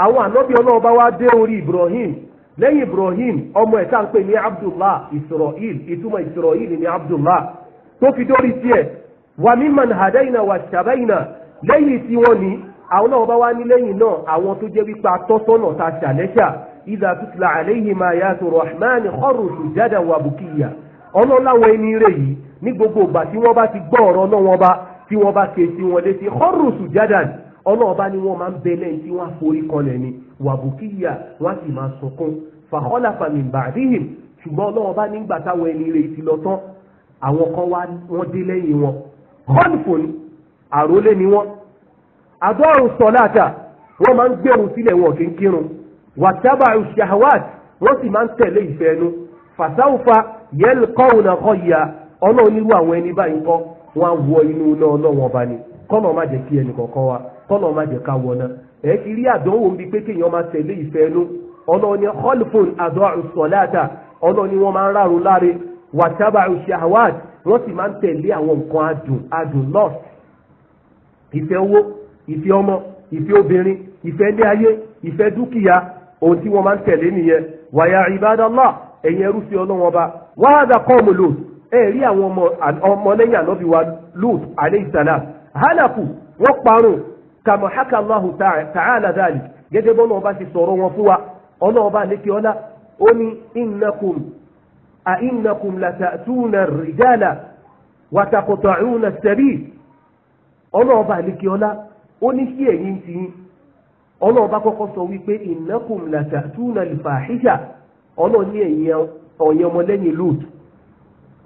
àwọn ànábì ọlọ́run bá wá dé orí ibrahim lẹ́yìn ibrahim ọmọ ẹ̀ tá à ń pè ní abdullah israel ìtumọ̀ israel ní abdullah tó fi dórí tiẹ̀ wa mimman hadaina wa shabaina lẹ́yìn tí wọ́n ní àwọn náà bá wá ní lẹ́yìn náà àwọn tó jẹ́ wípé atọ́sọ́nà ta ṣàlẹ́ṣà idha tutla alayhim ayatu rahman kharru sujada wa bukiya ọlọ́láwọ̀ ẹni rẹ̀ yìí ní gbogbo ìgbà tí wọ́n bá ti gbọ́ ọ̀rọ̀ náà wọ́n bá tí wọ́n bá ké sí wọn létí kharru sujadan ọlọ́ọ̀bá ni wọ́n máa ń bẹ lẹ́yìn tí wọ́n forí kanlẹ̀ ni wàbùkíyà wọ́n á sì máa sọkún fa khalafa min ba'dihim ṣùgbọ́n ọlọ́ọ̀bá nígbà táwọn ẹni rẹ̀ ti lọ tán àwọn kan wá wọ́n dé lẹ́yìn wọn khalfun àrólé ni wọ́n adọ́rùn sọ̀láàtà wọ́n máa ń gbẹ̀rù sílẹ̀ wọn kì í kírun wọ́n sì máa ń tẹ̀lé ìfẹ́ ẹnu fasawfa yalqawna ghayya ọlọ́run nírú àwọn ẹni báyìí kọ́ wọn á wọ inú iná ọlọ́run ọba ni kọ́nà má jẹ́ kí ẹnì kọ̀ọ̀kan wa kọ́nà má jẹ́ ká wọná ẹ ti rí àdánwò ń bi pé kéèyàn máa tẹ̀lé ìfẹ́ ẹnu ọlọ́run ní khalfun adọ́rù sọ̀láàtà ọlọ́run ni wọ́n máa ń rárun láre wọ́n sì máa ń tẹ̀lé àwọn nǹkan adùn adùn ìfẹ́ owó ọmọ ìfẹ́ obìnrin ìfẹ́ ilé ayé ìfẹ́ dúkìá ohun tí wọ́n máa ń tẹ̀lé nìyẹn wàyà ẹrú sí ọlọ́run ọba wàhádà lòdù e rí àwọn ọmọlẹ́yìn ànábì wa Lut aleyhisalaam halaku wọ́n parun kàmọ́ haka Allahu ta'ala daanị gẹ́gẹ́ bọ́ náà bá ti sọ̀rọ̀ wọn fún wa ó ní innakum a innakum latatuna rijala watakọtọ̀ọ́nà sabil ọlọ́run bá lékè ọlá ó ní sí ẹ̀yìn tìyín kọ́kọ́ sọ wípé innakum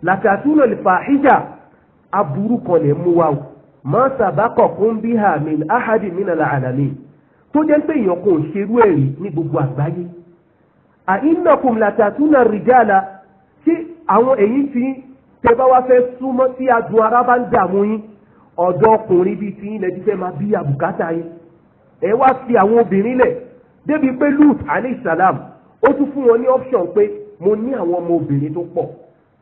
làtàtúnà fàáhíjà aburú kan lè mú wa o máa sàbákọ̀ kún bí hàmín ahadi mina làálàmì tó jẹ́ pé èèyàn kò ṣerú ẹ̀rí ní gbogbo àgbáyé àìnàkùn làtàtúnà rìjàlá tí àwọn èyí ti tẹ bá wá fẹ́ súnmọ́ tí adùn ara bá ń dààmú yín ọ̀dọ́ ọkùnrin bíi ti ilẹ̀ jíjẹ́ máa bí àbùkátà yín ẹ wá fi àwọn obìnrin lẹ̀ débi pé lut alayhi salam ó tún fún wọn ní option pé mo ní àwọn ọmọ obìnrin tó pọ̀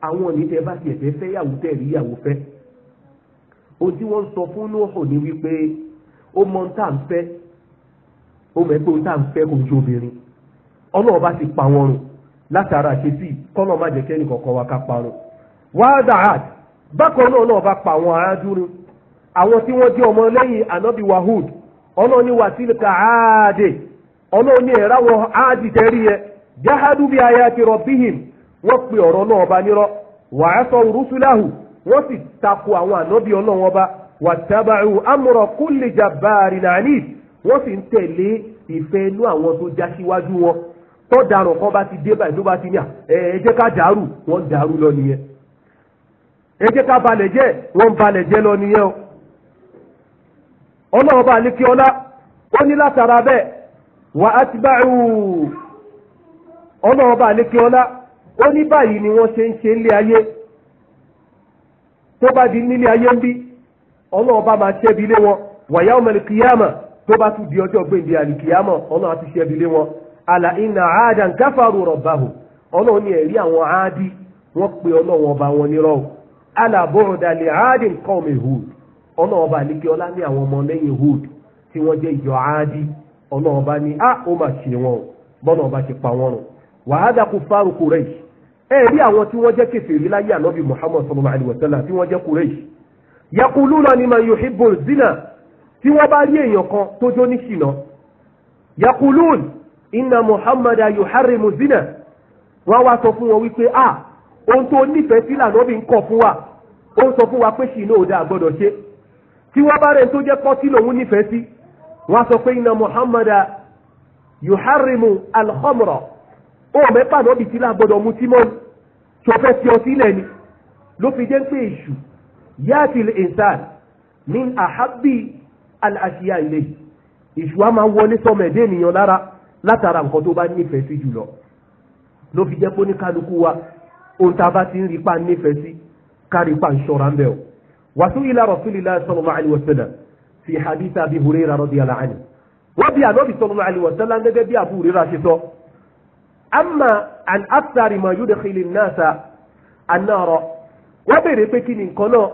àwọn ní tẹ bá tiẹ̀ ẹ̀fẹ́ fẹ́ yàwó tẹ̀ rí yàwó fẹ́ o tí wọ́n sọ fún nóòhò ní wípé ó mọ tá à ń fẹ́ ó mọ̀ pé ó ń fẹ́ kò ju obìnrin ọlọ́run bá ti pa wọn rùn látara àṣetì kọ́nà má jẹ́ kẹ́ni kọ̀ọ̀kan ká parun pa àwọn àwọn tí wọ́n jẹ́ ọmọ lẹ́yìn anabi wahud ọlọ́run ní áàdè ọlọ́run ní ẹ̀ráwọ̀ áàdì tẹ́rí yẹ wọ́n pe ọ̀rọ̀ náà ọba nírọ́ wàásọ rúṣúláhù wọ́n sì tako àwọn ànábì ọlọ́run ọba amúrọ̀ nàní wọ́n sì ń tẹ̀lé ìfẹ́ inú àwọn tó já síwájú wọn tó dàrọ̀ kọ́ bá ti dé báyìí ló bá ti ní à jẹ́ ká dàrú wọ́n dàrú lọ nìyẹn ẹ jẹ́ wọ́n balẹ̀ jẹ́ lọ ó ní báyìí ni wọ́n ṣe ń ṣe nílé ayé tó bá di nílé ayé ń bí ọlọ́run bá máa ṣẹ́bi lé wọn wàyà ọmọlẹ̀ kìyàmà tó bá di ọjọ́ gbèǹde àlìkìyàmà ọlọ́run á ti ṣẹ́bi lé wọn àlà iná a káfàrú rọ̀bàhù ọlọ́run ní ẹ̀rí àwọn áádì wọ́n pe ọlọ́run ọba wọn nírọ́ àlà bọ́ọ̀dàlẹ̀ áádì kọ́ọ̀mì Hud ọlọ́run ọba àlíkẹ́ ọlá ní àwọn ọmọ lẹ́yìn Hud tí wọ́n jẹ́ ìjọ ọba ní á ah, ó ṣe wọn ọba ti pa wọn ẹ rí àwọn tí wọ́n jẹ́ kèfèrí láyé ànábì muhammad sallallahu alayhi wa sallam tí wọ́n jẹ́ kureish yakuluna ni man yuhibbul zina tí wọ́n bá rí èèyàn kan tó jó ní ṣìnà yakulun inna muhammad yuharrimu zina wọ́n wá sọ fún wọn wípé a ohun tó nífẹ̀ẹ́ sí lànàbì ń kọ̀ fún wa ó ń sọ fún wa pé ṣìnà ò dáa ṣe tí wọ́n bá rẹ̀ tó jẹ́ pọ́tí lòun nífẹ̀ẹ́ sí wọ́n sọ pé inna muhammad yuharrimu al-khamra ó ọmọ ẹ̀fà náà bìtí là gbọ́dọ̀ mu tí mọ́ tó fẹ́ fi ọtí lẹ̀ ni ló fi dé pé èṣù yáàtì ìsàn ní àhábì àṣìyà ilé èṣù á máa wọlé sọmọ ẹ̀dẹ́ ènìyàn lára látara nǹkan tó bá nífẹ̀ẹ́ sí jùlọ ló fi jẹ́ pé oníkálukú wa ohun tá a bá ti ń rí pa nífẹ̀ẹ́ sí kárí pa ń ṣọ́ra ń bẹ̀ o wàtú ilà rasulillah sallallahu alayhi wa sallam fi amma an aftari ma yudkhil an-nasa an-nara wọ́n béèrè pé kí ni nǹkan náà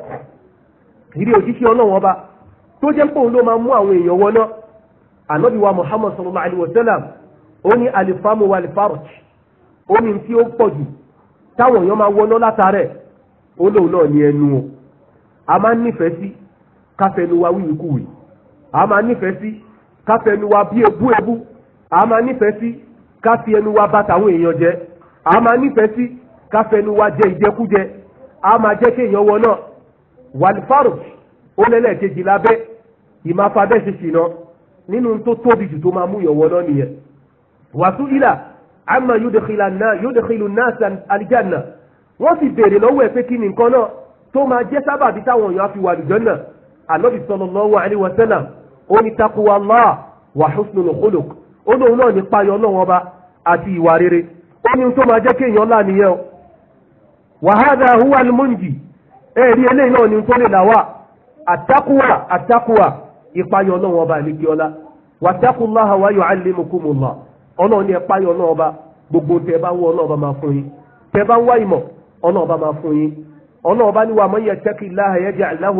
ìrí òjíṣẹ́ ọlọ́wọ́n ọba tó jẹ́ pé òun ló máa mú àwọn èèyàn wọn náà ànábì wa muhammad sallallahu alayhi wa sallam ó ní alifamu wa alifarj ó ní tí ó pọ̀ jù táwọn èèyàn máa wọná látàrẹ̀ ó lóun náà ní ẹnu o a máa nífẹ̀ẹ́ sí káfẹ́nu wa wíwíkúwì a máa nífẹ̀ẹ́ sí káfẹ́nu wa bí ebú ebú a máa nífẹ̀ẹ́ sí ká fi ẹnu wa bá tàwọn èèyàn jẹ a máa nífẹ̀ẹ́ sí ká fẹnu wa jẹ ìjẹkújẹ a máa jẹ́ kí èèyàn wọ náà wàlúfàrò ó lẹ́lẹ́kejì lábẹ́ ìmáfabẹ́ṣeṣì náà nínú tó tóbi jù tó máa mú yàn wọ náà nìyẹn wàásù ìlà àmà yódèkìlù náà àlìjáná wọ́n sì béèrè lọ́wọ́ ẹ̀ pé kí ni nǹkan náà tó máa jẹ́ sábàbí táwọn èèyàn fi wà lùjọ́nà ànábì sallallahu alaihi wasallam ó ní takuwa Allah wa husnul khuluq ó lóun náà ní payọ ọlọ́run ọba àti ìwà rere ó ní tó máa jẹ́ kéèyàn ńlá nìyẹn o wàhádà huwa lmunji ẹ̀rí eléyìí náà ní tó lè làwà àtàkùwà àtàkùwà ìpayọ ọlọ́run ọba àlekíọ́lá wàtàkùnláha wa yuallimukumullah ọlọ́run ní ẹ̀payọ ọlọ́run ọba gbogbo tẹ bá ń wọ ọlọ́run ọba máa fún yín tẹ bá ń wá ìmọ̀ ọlọ́run ọba máa fún yín ọlọ́run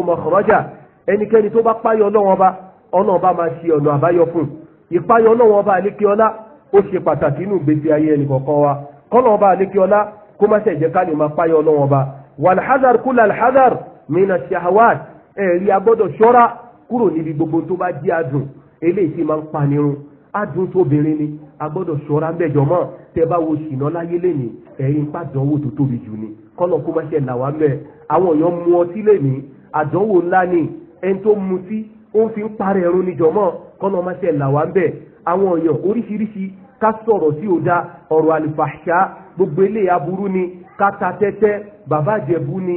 ọba ẹnikẹ́ni tó bá páyọ ọba ọba máa ṣe ọ̀nà àbáyọ fún ìpayọ ọlọ́wọ́ ọba àlékeọlá ó ṣe pàtàkì inú ìgbésí ayé ẹnì kọ̀ọ̀kan wa kọ́lọ́ ọba àlékeọlá kó má ṣe jẹ́ ká lè máa páyọ ọlọ́wọ́ ọba walhazar kula alhazar mina shahawat ẹ̀rí agbọ́dọ̀ ṣọ́ra kúrò níbi gbogbo tó bá di adùn eléyìí tí máa ń panirun adùn tóbìnrin ni agbọ́dọ̀ ṣọ́ra mẹ́jọ mọ́ tẹ́ bá wo ṣìnà láyé lẹ́ni ẹ̀rín pàdánwò tó tóbi jù ni kọ́lọ̀ kó má ṣe là wá mẹ́ àwọn èèyàn mu ọtí lẹ́ni àdánwò ńlá ni ẹni tó mutí ó fi ń parẹ́ ẹ̀rọ níjọ̀mọ́ kọ́nà ọmọ tẹ̀ là ń bẹ̀ àwọn èèyàn oríṣiríṣi ká sọ̀rọ̀ sí òda ọ̀rọ̀ àlùfàṣà gbogbo ilé aburú ni ká ta tẹ́tẹ́ bàbá àjẹbú ni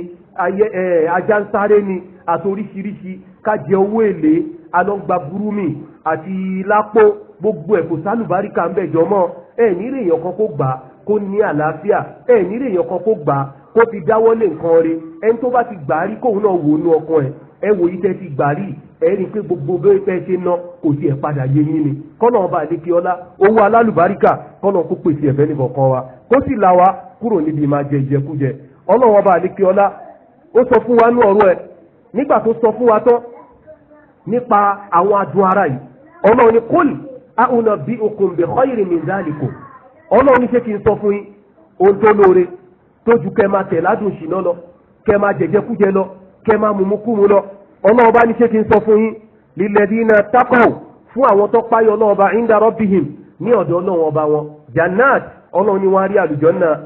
ajá ń sáré ni àti oríṣiríṣi ká jẹ owó èlé alọ́gba burúmi àti lápò gbogbo ẹ̀ kò sálùbáríkà ń bẹ̀ jọmọ́ ẹ̀ nílé èèyàn kan kó gbà kó ní àlàáfíà ẹ̀ nílé èèyàn kan kó gbà kó fi dáwọ́lé nǹkan rẹ̀ ẹni tó bá ti gbà á rí kóun náà wò ó nú ọkàn ẹ̀ e wò yí tẹ́ ti gbàrí ẹ̀rí pé gbogbo bẹ́ẹ̀ tẹ́ ṣe ná kò tiẹ̀ padà yé yín ni kọ́nà ọba àdékè ọlá owó alálùbáríkà kọ́nà kó pèsè ẹ̀fẹ́ kan wa kó sì là wá kúrò níbi ọlọ́run ọba àdékè ọlá ó sọ fún wa ní ọ̀rọ̀ nígbà tó sọ ni bi khayrin min dhalikum ọlọ́run ní ṣé kí n kema máa mú mú lọ ọlọ́run bá ní ṣé kí n sọ fún yín lilladina taqaw fún àwọn tó páyọ ọlọ́run ọba inda rabbihim ní ọ̀dọ̀ ọba wọn jannat ni wọ́n á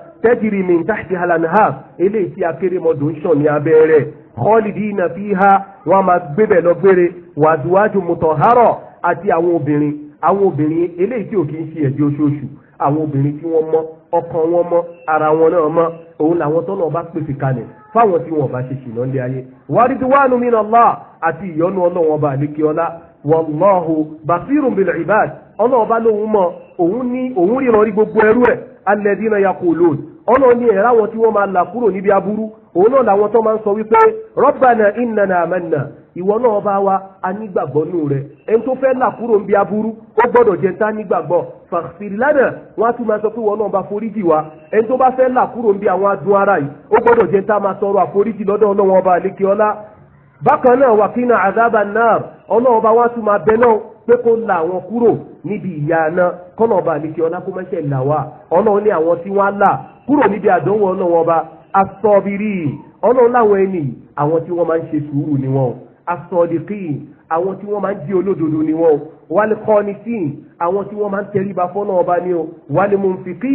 rí min tahtiha al-anhar eléyìí tí akérèmọdò ń ṣàn ní abẹ́rẹ́ máa lọ gbére wàdúwájú àti àwọn obìnrin àwọn obìnrin eléyìí tí ò ṣe oṣooṣù àwọn obìnrin wọn mọ ara wọn náà mọ́ òun làwọn tọ́nà ọba pèsè kalẹ̀ fáwọn tí wọn bá ṣe ṣìnà ń lé ayé wàrídìwánu Allah àti ìyọ́nú ọlọ́run ọba àlékè ọlá wàlláhu basirun bil ibad ọlọ́run na lóun mọ òun ní òun ríran rí gbogbo ẹrú e. alladhina yaqulun ọlọ́run ní ẹ̀rá wọn tí wọ́n máa là kúrò níbi aburú òun náà làwọn tó máa amanna ìwọ náà bá wa a nù rẹ̀ ẹni tó fẹ́ là kúrò níbi aburú ó fàṣírí lánàá wọn á tún máa sọ pé wọn náà bá foríjì wa ẹni tó bá fẹ́ là kúrò níbi àwọn adùn ara yìí ó gbọ́dọ̀ jẹ́ tá a máa tọrọ àforíjì lọ́dọ̀ ọlọ́wọ́n ọba àlékè ọlá bákan náà wàkínà àdábà náà ọlọ́wọ́n ọba wa tún máa bẹ náà pé kó la àwọn kúrò níbi ìyà aná kọ́nà ọba àlékè ọlá kó mẹ́sẹ̀ là wá ọlọ́run ní àwọn tí wọ́n á là kúrò níbi àdánwò ọlọ́wọ́n ọba asọ́bìrì ni wọ́n asọ́dìkì àwọn tí wọ́n máa ń wálé kọ́ni tíì àwọn tí wọ́n máa ń tẹríba fọ́nà ọba ni o wálé mọ̀nfìkì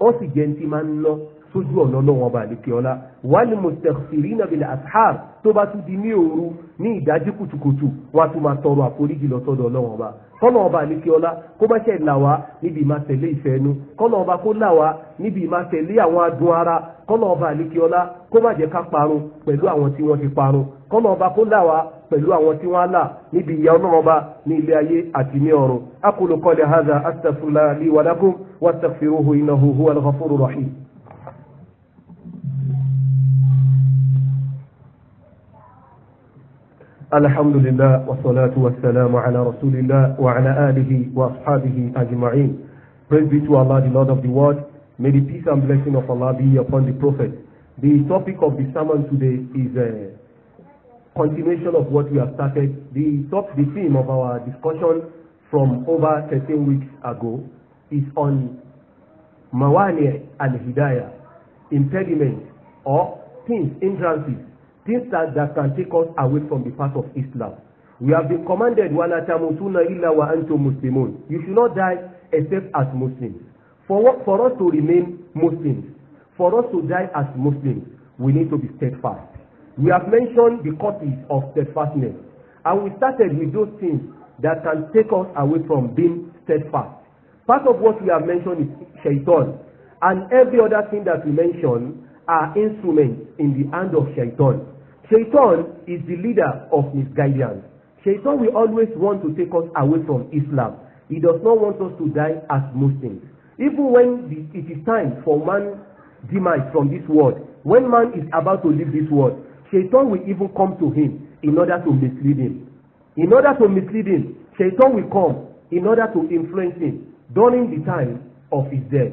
ó sì jẹ́ ní máa ń lọ sójú ọ̀nà ọlọ́wọ́n ọba àlekèọ́lá wálé mustaghfirina bil ashar tó bá tún di ní òru ní ìdájí kùtùkùtù wọ́n á tún máa tọrọ àforíjì lọ sọ́dọ̀ ọlọ́wọ́n ọba kọ́nà ọba àlekèọ́lá kó bá ṣe là wá níbi ìmá tẹ̀lé ìfẹ́ ẹnu kọ́nà ọba kó là wá níbi ìmá tẹ̀lé àwọn adùn ara kọ́nà ọba àlekèọ́lá kó má jẹ́ ká parun pẹ̀lú àwọn tí wọ́n ti parun kọ́nà ọba kó là wá pẹ̀lú àwọn tí wọ́n á là níbi ìyà ọlọ́run ọba ní ilé ayé àti ní ọ̀run aqulu qawli hadha astaghfirullah li wa lakum wastaghfiruhu innahu huwal الحمد لله والصلاة والسلام على رسول الله وعلى آله وأصحابه أجمعين. Praise be to Allah, the Lord of the world. May the peace and blessing of Allah be upon the Prophet. The topic of the sermon today is uh, continuation of what we have started. The top, the theme of our discussion from over 13 weeks ago is on mawani and hidayah impediments or things, hindrances, things that, that can take us away from the path of Islam. We have been commanded, وَلَا تَمُوتُونَ إِلَّا وَأَنْتُمْ مُسْلِمُونَ You should not die except as Muslims. For, for us to remain Muslims, for us to die as Muslims, we need to be steadfast. We have mentioned the causes of steadfastness, and we started with those things that can take us away from being steadfast. Part of what we have mentioned is shaitan, and every other thing that we mention are instruments in the hand of shaitan. Shaitan is the leader of misguidance. Shaitan will always want to take us away from Islam. He does not want us to die as Muslims. Even when it is time for man demise from this world, when man is about to leave this world, Shaitan will even come to him in order to mislead him. In order to mislead him, Shaitan will come in order to influence him during the time of his death.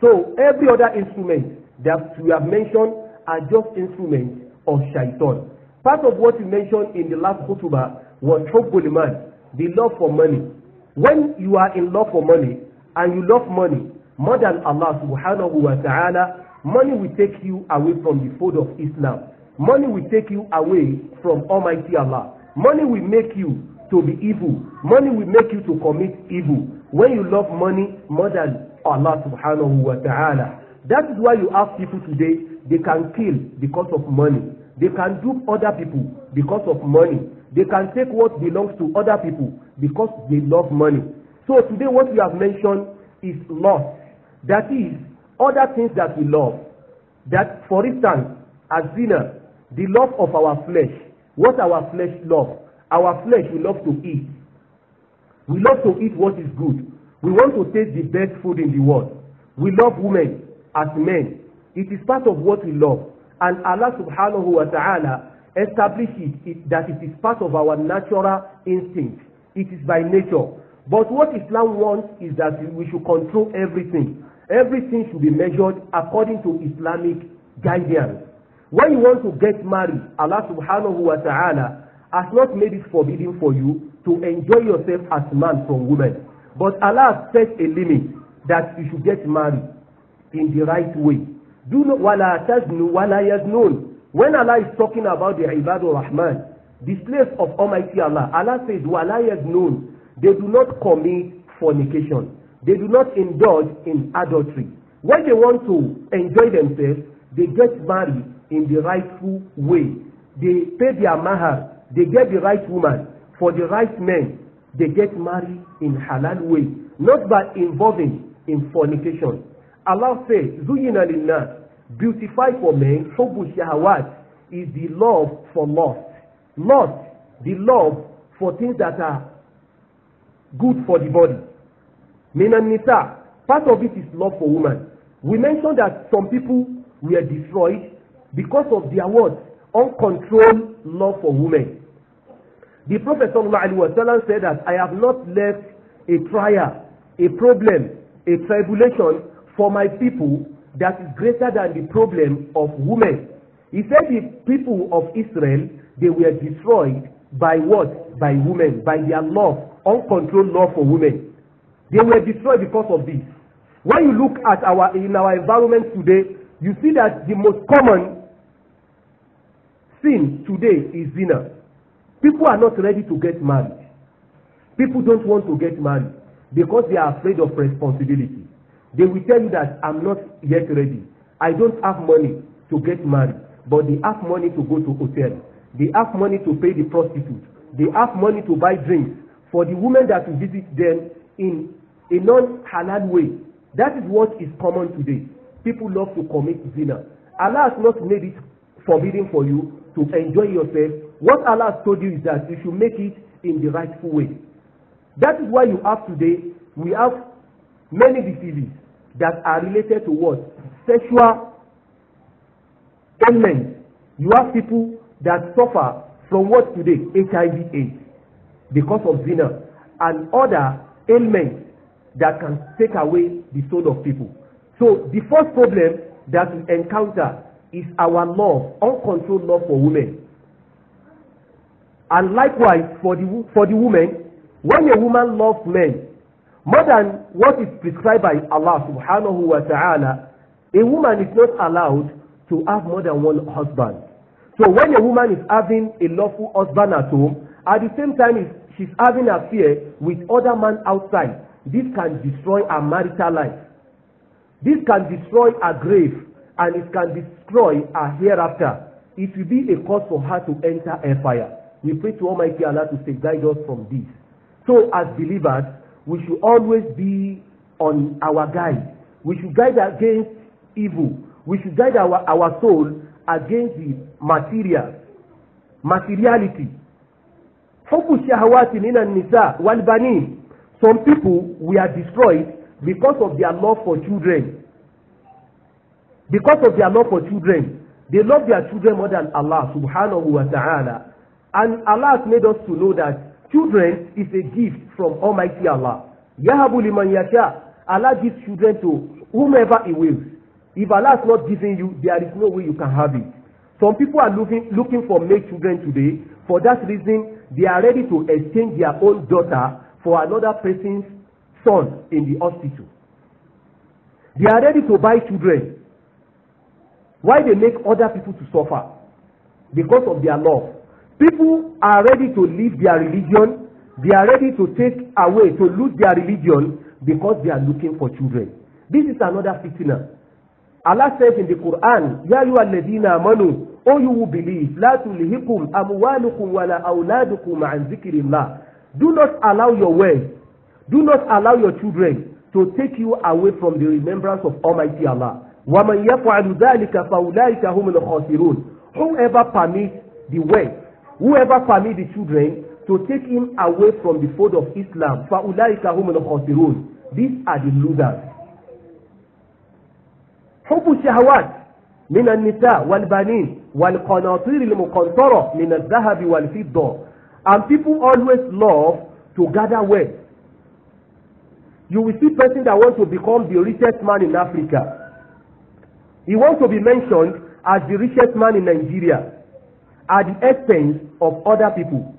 So every other instrument that we have mentioned are just instruments of Shaitan. Part of what we mentioned in the last khutbah was hubbul the love for money. When you are in love for money and you love money more than Allah subhanahu wa ta'ala, money will take you away from the fold of Islam. Money will take you away from Almighty Allah. Money will make you to be evil. Money will make you to commit evil. When you love money more than Allah subhanahu wa ta'ala. That is why you ask people today, they can kill because of money. They can dupe other people because of money. They can take what belongs to other people because they love money. So today what we have mentioned is loss. That is, other things that we love. That, for instance, as zina The love of our flesh. What our flesh love? Our flesh we love to eat. We love to eat what is good. We want to taste the best food in the world. We love women as men. It is part of what we love. And Allah subhanahu wa ta'ala established it, it that it is part of our natural instinct. It is by nature. But what Islam wants is that we should control everything. Everything should be measured according to Islamic guidance. When you want to get married, Allah subhanahu wa ta'ala has not made it forbidden for you to enjoy yourself as man from woman. But Allah has set a limit that you should get married in the right way. Do not wala tajnu wala yaznun. When Allah is talking about the ibadur rahman, the place of Almighty Allah, Allah says wala yaznun. They do not commit fornication. They do not indulge in adultery. When they want to enjoy themselves, they get married in the rightful way. They pay their mahar, they get the right woman. For the right men, they get married in halal way, not by involving in fornication. Allah says, Zuyina linnas, beautify for men, hubbu shahawat is the love for lust. Lust, the love for things that are good for the body. Minan nisa, part of it is love for women. We mentioned that some people were destroyed because of their what uncontrolled love for women. The Prophet sallallahu alaihi wasallam said that I have not left a trial, a problem, a tribulation for my people that is greater than the problem of women. He said the people of Israel, they were destroyed by what? By women, by their love, uncontrolled love for women. They were destroyed because of this. When you look at our in our environment today, you see that the most common sin today is zina. People are not ready to get married. People don't want to get married because they are afraid of responsibility. They will tell you that I'm not yet ready. I don't have money to get married, but they have money to go to hotel. They have money to pay the prostitute. They have money to buy drinks for the women that will visit them in a non-halal way. That is what is common today. People love to commit zina. Allah has not made it forbidden for you to enjoy yourself, what Allah told you is that you should make it in the rightful way. That is why you have today, we have many diseases that are related to what? Sexual ailments. You have people that suffer from what today? HIV AIDS because of zina and other ailments that can take away the soul of people. So the first problem that we encounter is our love, uncontrolled love for women. And likewise for the, for the women, when a woman loves men more than what is prescribed by Allah subhanahu wa ta'ala, a woman is not allowed to have more than one husband. So when a woman is having a lawful husband at home, at the same time she's having affair with other man outside, this can destroy her marital life. This can destroy her grave and it can destroy her hereafter. It will be a cause for her to enter a fire. We pray to Almighty Allah to say, guide us from this. So, as believers, we should always be on our guide. We should guide against evil. We should guide our, our soul against the material, materiality. Hubu shahawati nina nisa walbani. Some people we are destroyed because of their love for children. Because of their love for children, they love their children more than Allah subhanahu wa ta'ala. And Allah has made us to know that children is a gift from Almighty Allah. Yahabu liman yasha. Allah gives children to whomever He wills. If Allah is not giving you, there is no way you can have it. Some people are looking, looking for male children today. For that reason, they are ready to exchange their own daughter for another person's son in the hospital. They are ready to buy children why they make other people to suffer because of their love people are ready to leave their religion they are ready to take away to lose their religion because they are looking for children this is another fitna Allah says in the Quran ya ayu alladina amanu o you who believe la tulhikum amwalukum wala awladukum an zikrillah do not allow your wealth do not allow your children to take you away from the remembrance of Almighty Allah wa man yaf'alu dhalika fa ulaika whoever permits the wealth whoever permits the children to take him away from the fold of Islam fa ulaika humul khasirun these are the losers hubu shahawat من النساء والبنين والقناطير المقنطرة من الذهب والفضة and people always love to gather wealth you will see person that want to become the richest man in Africa He wants to be mentioned as the richest man in Nigeria at the expense of other people.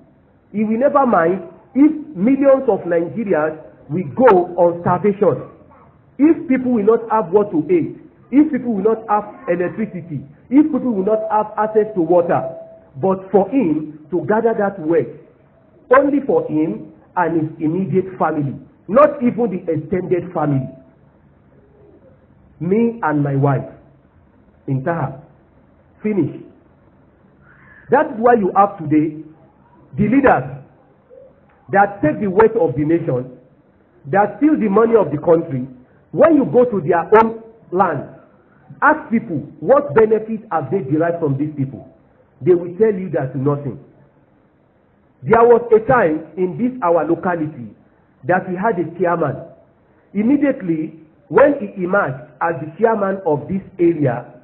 He will never mind if millions of Nigerians will go on starvation. If people will not have what to eat, if people will not have electricity, if people will not have access to water, but for him to gather that wealth only for him and his immediate family, not even the extended family, me and my wife. Intaha. Finish. That is why you have today the leaders that take the weight of the nation, that steal the money of the country. When you go to their own land, ask people what benefit have they derived from these people. They will tell you that nothing. There was a time in this our locality that we had a chairman. Immediately when he emerged as the chairman of this area,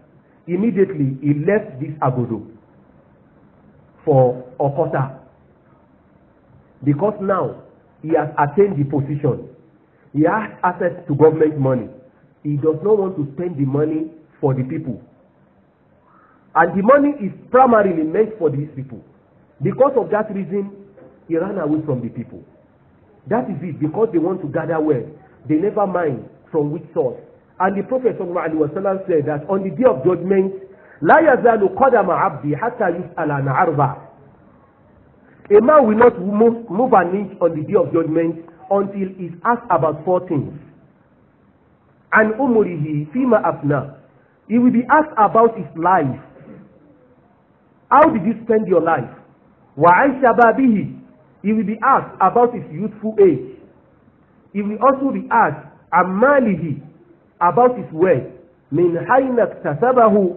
immediately he left this agodo for okota because now he has attained the position he has access to government money he does not want to spend the money for the people and the money is primarily meant for these people because of that reason he ran away from the people that is it because they want to gather well they never mind from which source And the Prophet sallallahu alaihi wasallam said that on the day of judgment, لا يزال قدم abdi حتى yus'ala an arba. A man will not move, an inch on the day of judgment until he's asked about four things. And umurihi fima afna. He will be asked about his life. How did you spend your life? Wa an He will be asked about his youthful age. He will also be asked amalihi about his wealth min haina tasabahu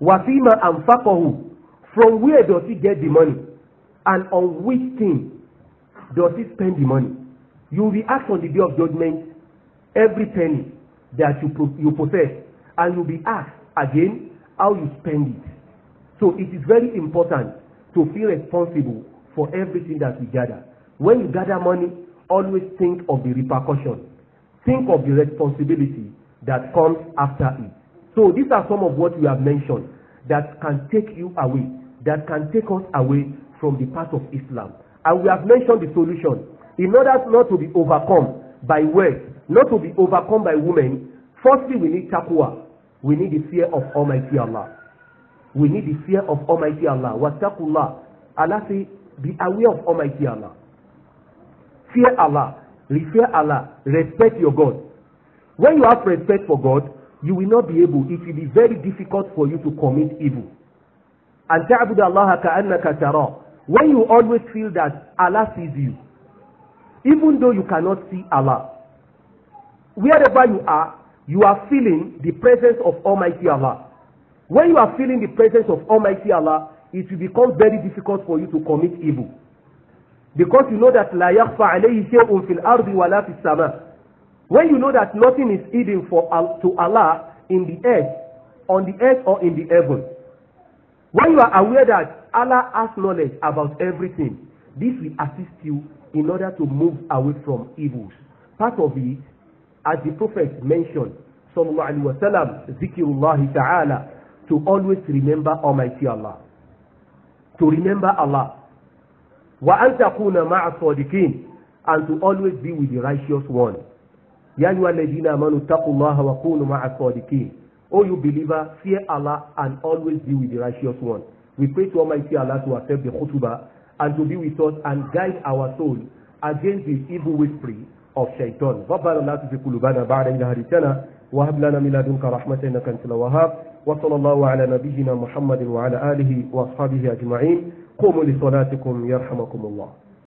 wafima anfaqahu from where does he get the money and on which thing does he spend the money you will be asked on the day of judgment every penny that you, you possess and you will be asked again how you spend it so it is very important to feel responsible for everything that we gather when you gather money always think of the repercussion think of the responsibility that comes after it. So these are some of what we have mentioned that can take you away, that can take us away from the path of Islam. And we have mentioned the solution. In order not to be overcome by words, not to be overcome by women, firstly we need taqwa. We need the fear of Almighty Allah. We need the fear of Almighty Allah. Wattaqullah. Allah say, be aware of Almighty Allah. Fear Allah. Revere Allah. Respect your God. When you have respect for God, you will not be able, it will be very difficult for you to commit evil. And ta'bud Allah ka'annaka tara. When you always feel that Allah sees you, even though you cannot see Allah, wherever you are, you are feeling the presence of Almighty Allah. When you are feeling the presence of Almighty Allah, it will become very difficult for you to commit evil. Because you know that la yaqfa alayhi shay'un fil ardi wa la fis sama. When you know that nothing is hidden for, to Allah in the earth, on the earth or in the heaven. When you are aware that Allah has knowledge about everything, this will assist you in order to move away from evils. Part of it, as the Prophet mentioned, sallallahu alaihi wasallam, zikirullahi ta'ala, to always remember Almighty Allah. To remember Allah. Wa an takuna ma'a and to always be with the righteous one. Ya ayyuhalladhina amanu taqullaha wa kunu ma'a sadiqin. O you believer, fear Allah and always be with the righteous one. We pray to Almighty Allah to accept the khutbah and to be with us and guide our soul against the evil whispering of shaitan. ربنا لا تزغ قلوبنا بعد إذ هديتنا وهب لنا من لدنك رحمة إنك أنت الوهاب وصلى الله على نبينا محمد وعلى آله وأصحابه أجمعين قوموا لصلاتكم يرحمكم الله